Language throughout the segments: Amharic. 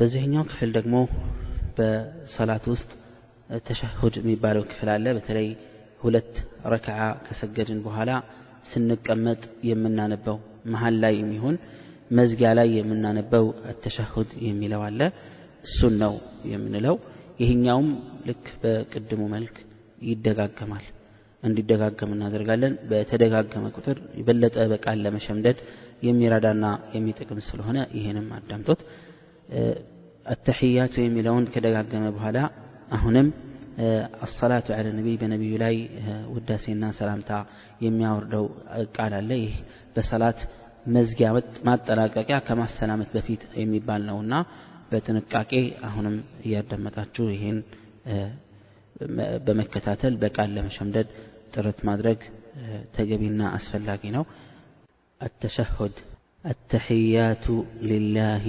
በዚህኛው ክፍል ደግሞ በሰላት ውስጥ ተሸሁድ የሚባለው ክፍል አለ። በተለይ ሁለት ረክዓ ከሰገድን በኋላ ስንቀመጥ የምናነበው መሀል ላይ የሚሆን መዝጊያ ላይ የምናነበው ተሸሁድ የሚለው አለ። እሱን ነው የምንለው። ይህኛውም ልክ በቅድሙ መልክ ይደጋገማል። እንዲደጋገም እናደርጋለን። በተደጋገመ ቁጥር የበለጠ በቃል ለመሸምደድ የሚረዳና የሚጠቅም ስለሆነ ይህንም አዳምጦት አተሕያት የሚለውን ከደጋገመ በኋላ አሁንም አሰላቱ አለ ነቢይ በነቢዩ ላይ ውዳሴና ሰላምታ የሚያወርደው ቃል አለ። ይህ በሰላት መዝጊያ ማጠናቀቂያ ከማሰናመት በፊት የሚባል ነውና በጥንቃቄ አሁንም እያዳመጣችሁ ይህን በመከታተል በቃል ለመሸምደድ ጥረት ማድረግ ተገቢና አስፈላጊ ነው። التشهد التحيات لله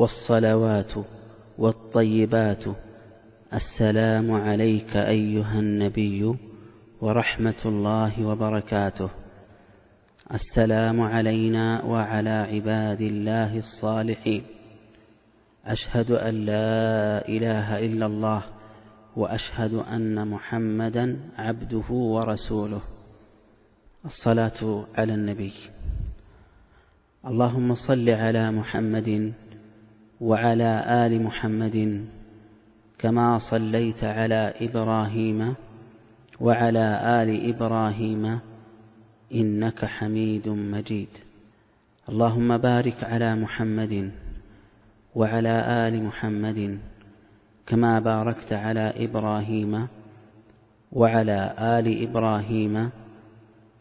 والصلوات والطيبات السلام عليك أيها النبي ورحمة الله وبركاته السلام علينا وعلى عباد الله الصالحين أشهد أن لا إله إلا الله وأشهد أن محمدا عبده ورسوله الصلاة على النبي اللهم صل على محمد وعلى آل محمد كما صليت على إبراهيم وعلى آل إبراهيم إنك حميد مجيد اللهم بارك على محمد وعلى آل محمد كما باركت على إبراهيم وعلى آل إبراهيم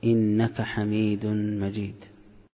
إنك حميد مجيد